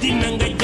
dina nga